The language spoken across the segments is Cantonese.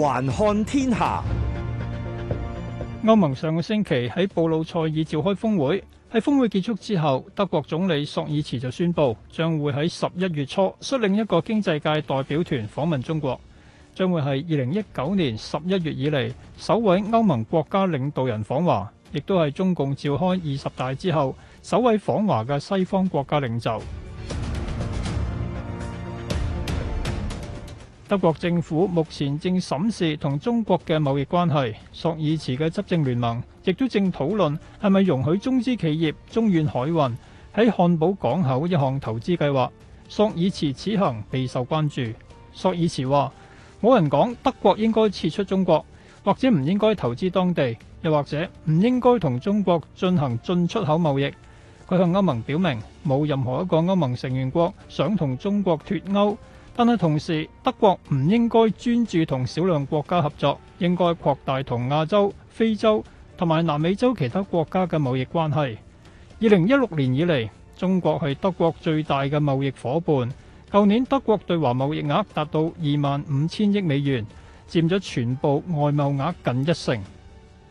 環看天下，歐盟上個星期喺布魯塞爾召開峰會。喺峰會結束之後，德國總理朔爾茨就宣佈，將會喺十一月初率領一個經濟界代表團訪問中國，將會係二零一九年十一月以嚟首位歐盟國家領導人訪華，亦都係中共召開二十大之後首位訪華嘅西方國家領袖。德國政府目前正審視同中國嘅貿易關係，朔爾茨嘅執政聯盟亦都正討論係咪容許中資企業中遠海運喺漢堡港口一項投資計劃。朔爾茨此行備受關注。朔爾茨話：冇人講德國應該撤出中國，或者唔應該投資當地，又或者唔應該同中國進行進出口貿易。佢向歐盟表明冇任何一個歐盟成員國想同中國脫鉤。但係同時，德國唔應該專注同少量國家合作，應該擴大同亞洲、非洲同埋南美洲其他國家嘅貿易關係。二零一六年以嚟，中國係德國最大嘅貿易夥伴。舊年德國對華貿易額達到二萬五千億美元，佔咗全部外貿額近一成。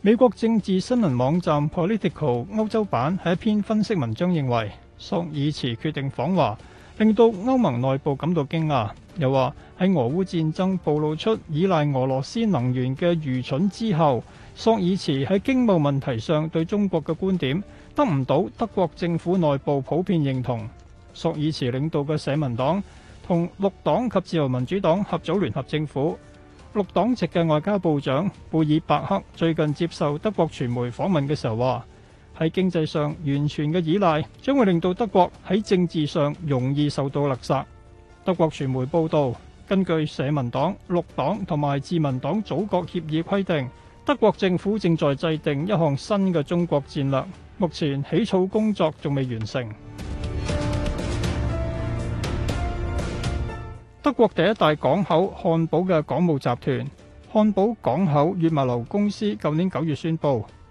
美國政治新聞網站 Political 歐洲版喺一篇分析文章認為，朔爾茨決定訪華。令到歐盟內部感到驚訝，又話喺俄烏戰爭暴露出依賴俄羅斯能源嘅愚蠢之後，朔爾茨喺經貿問題上對中國嘅觀點得唔到德國政府內部普遍認同。朔爾茨領導嘅社民黨同綠黨及自由民主黨合組聯合政府，綠黨籍嘅外交部長貝爾伯克最近接受德國傳媒訪問嘅時候話。喺經濟上完全嘅依賴，將會令到德國喺政治上容易受到勒索。德國傳媒報導，根據社民黨、綠黨同埋自民黨組閣協議規定，德國政府正在制定一項新嘅中國戰略，目前起草工作仲未完成。德國第一大港口漢堡嘅港務集團漢堡港口與物流公司，舊年九月宣布。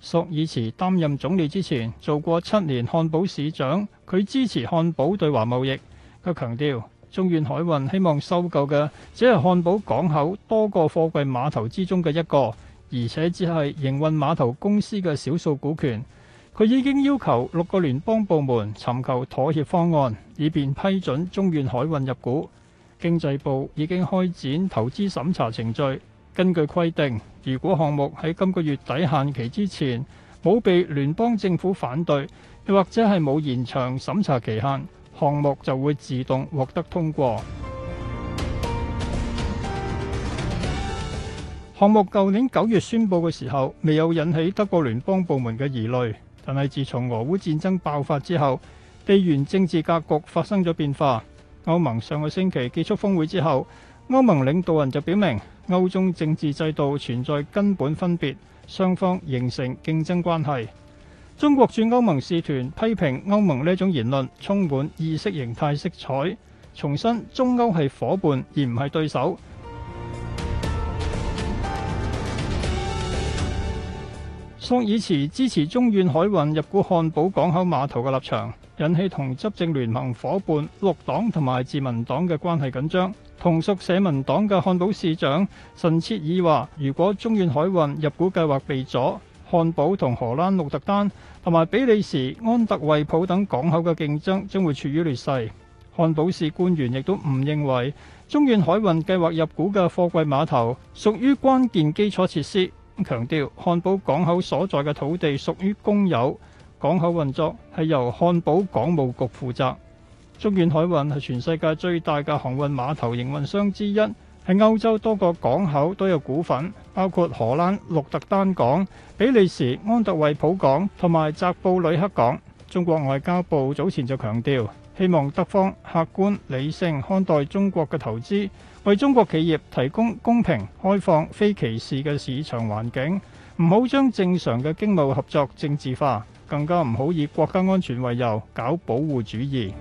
朔爾茨擔任總理之前，做過七年漢堡市長。佢支持漢堡對華貿易。佢強調，中遠海運希望收購嘅只係漢堡港口多個貨櫃碼頭之中嘅一個，而且只係營運碼頭公司嘅少數股權。佢已經要求六個聯邦部門尋求妥協方案，以便批准中遠海運入股。經濟部已經開展投資審查程序。根據規定，如果項目喺今個月底限期之前冇被聯邦政府反對，又或者係冇延長審查期限，項目就會自動獲得通過。 項目舊年九月宣佈嘅時候，未有引起德國聯邦部門嘅疑慮，但係自從俄烏戰爭爆發之後，地緣政治格局發生咗變化。歐盟上個星期結束峰會之後，歐盟領導人就表明，歐中政治制度存在根本分別，雙方形成競爭關係。中國駐歐盟使團批評歐盟呢種言論充滿意識形態色彩，重申中歐係夥伴而唔係對手。朔爾茨支持中遠海運入股漢堡港口碼頭嘅立場引起同執政聯盟夥伴綠黨同埋自民黨嘅關係緊張，同屬社民黨嘅漢堡市長馮切爾話，如果中遠海運入股計劃被阻，漢堡同荷蘭鹿特丹同埋比利時安特衛普等港口嘅競爭將會處於劣勢。漢堡市官員亦都唔認為中遠海運計劃入股嘅貨櫃碼頭屬於關鍵基礎設施。強調漢堡港口所在嘅土地屬於公有，港口運作係由漢堡港務局負責。中遠海運係全世界最大嘅航運碼頭營運商之一，喺歐洲多個港口都有股份，包括荷蘭鹿特丹港、比利時安特衛普港同埋澤布里克港。中國外交部早前就強調，希望德方客觀理性看待中國嘅投資，為中國企業提供公平開放、非歧視嘅市場環境，唔好將正常嘅經貿合作政治化，更加唔好以國家安全為由搞保護主義。